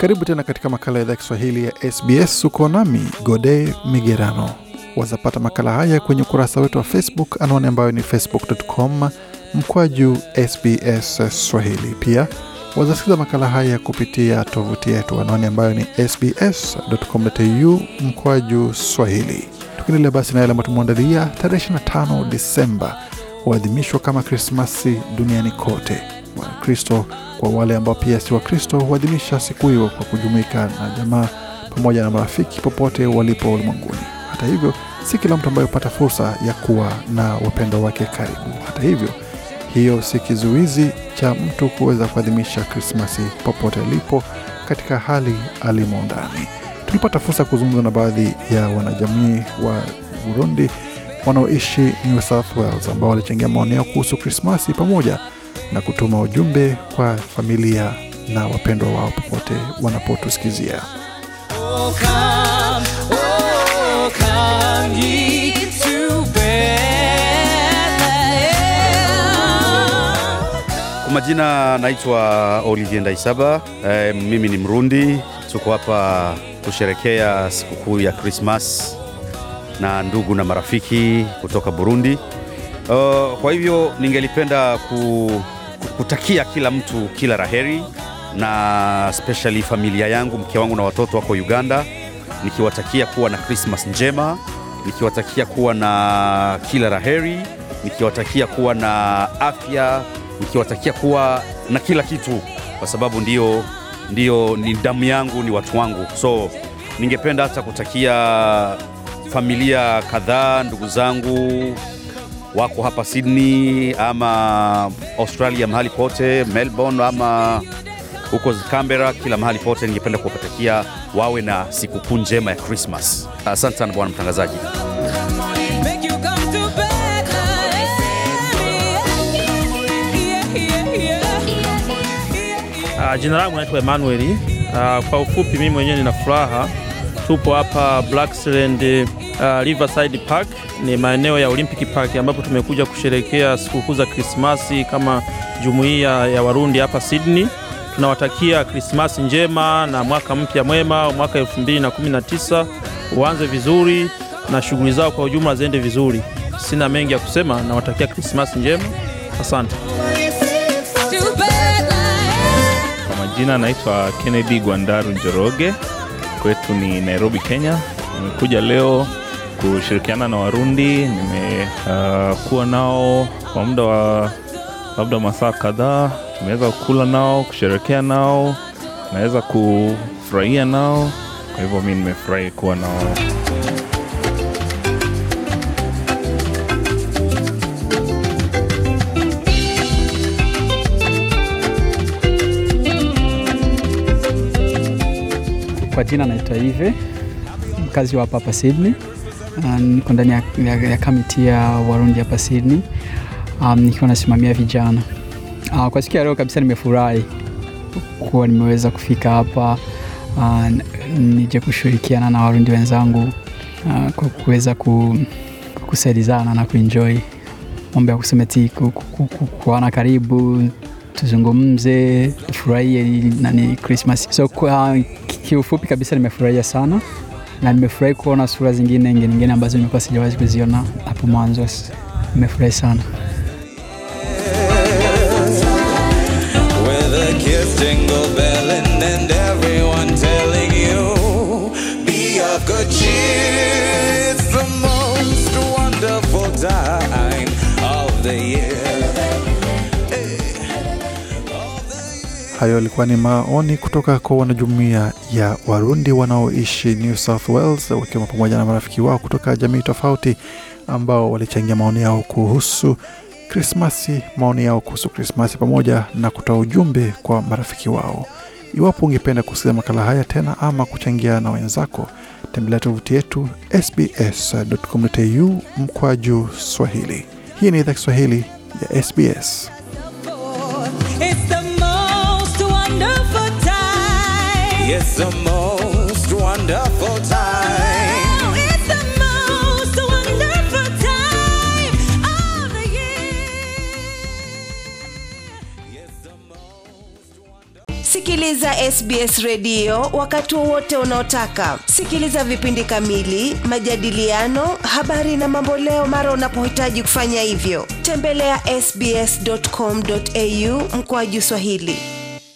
Karibu tena katika makala ya idhaa Kiswahili ya SBS. Uko nami Gode Migerano. Wazapata makala haya kwenye ukurasa wetu wa Facebook, anwani ambayo ni facebook.com mkwaju SBS Swahili. Pia wazasikiza makala haya kupitia tovuti yetu, anwani ambayo ni sbs.com.au mkwaju Swahili. Tukiendelea basi na yale ambayo tumeandalia, tarehe 25 Disemba huadhimishwa kama Krismasi duniani kote wa Kristo. Kwa wale ambao pia si Wakristo huadhimisha siku hiyo kwa kujumuika na jamaa pamoja na marafiki popote walipo ulimwenguni. Hata hivyo, si kila mtu ambaye hupata fursa ya kuwa na wapendwa wake karibu. Hata hivyo, hiyo si kizuizi cha mtu kuweza kuadhimisha Krismasi popote alipo katika hali alimo ndani. Tulipata fursa ya kuzungumza na baadhi ya wanajamii wa Burundi wanaoishi New South Wales ambao walichangia maoni yao kuhusu Krismasi pamoja na kutuma ujumbe kwa familia na wapendwa wao popote wanapotusikizia. Kwa majina naitwa Olivier Ndaisaba. E, mimi ni Mrundi, tuko hapa kusherekea sikukuu ya Krismas na ndugu na marafiki kutoka Burundi. Uh, kwa hivyo ningelipenda ku kutakia kila mtu kila raheri, na especially familia yangu, mke wangu na watoto wako Uganda, nikiwatakia kuwa na Christmas njema, nikiwatakia kuwa na kila raheri, nikiwatakia kuwa na afya, nikiwatakia kuwa na kila kitu, kwa sababu ndio ndio ni damu yangu, ni watu wangu. So ningependa hata kutakia familia kadhaa, ndugu zangu wako hapa Sydney ama Australia, mahali pote, Melbourne ama huko Canberra, kila mahali pote, ningependa kuwapatakia wawe na sikukuu njema ya Christmas. Asante sana bwana mtangazaji. Uh, jina langu naitwa Emmanuel. Uh, kwa ufupi mimi mwenyewe nina furaha Tupo hapa Blacksland uh, Riverside Park, ni maeneo ya Olympic Park ambapo tumekuja kusherekea sikukuu za Krismasi kama jumuiya ya Warundi hapa Sydney. Tunawatakia Krismasi njema na mwaka mpya mwema, mwaka 2019 uanze vizuri na shughuli zao kwa ujumla ziende vizuri. Sina mengi ya kusema, nawatakia Krismasi njema, asante. Kwa majina naitwa Kennedy Gwandaru Njoroge kwetu ni Nairobi, Kenya. Nimekuja leo kushirikiana na Warundi, nimekuwa uh, nao kwa muda wa labda masaa kadhaa. Tumeweza kula nao, kusherekea nao, naweza kufurahia nao. Kwa hivyo mi nimefurahi kuwa nao. Kwa jina naitwa Ive, mkazi wa hapa Sydney. Ah, niko ndani ya, ya, ya kamiti ya Warundi hapa Sydney, um, nikiwa nasimamia vijana uh, kwa siku ya leo kabisa nimefurahi kuwa nimeweza kufika hapa uh, nije kushirikiana na Warundi wenzangu uh, kwa kuweza kusaidizana na kuenjoy mambo ya kusemeti kuana karibu, tuzungumze, tufurahie nani Christmas so kwa, kiufupi kabisa nimefurahia sana na nimefurahi kuona sura zingine nyingine ambazo nimekuwa sijawahi kuziona hapo mwanzo. Nimefurahi sana. Hayo yalikuwa ni maoni kutoka kwa wanajumuia ya Warundi wanaoishi New South Wales wakiwa pamoja na marafiki wao kutoka jamii tofauti ambao walichangia maoni yao kuhusu Krismasi, maoni yao kuhusu Krismasi pamoja na kutoa ujumbe kwa marafiki wao. Iwapo ungependa kusikiza makala haya tena ama kuchangia na wenzako, tembelea tovuti yetu sbs.com.au mkwaju Swahili. Hii ni idhaa Kiswahili ya SBS. the most wonderful time. Oh, it's the most wonderful time of the year. Sikiliza SBS redio wakati wowote unaotaka. Sikiliza vipindi kamili, majadiliano, habari na mamboleo mara unapohitaji kufanya hivyo. Tembelea ya sbs.com.au mkoaju Swahili.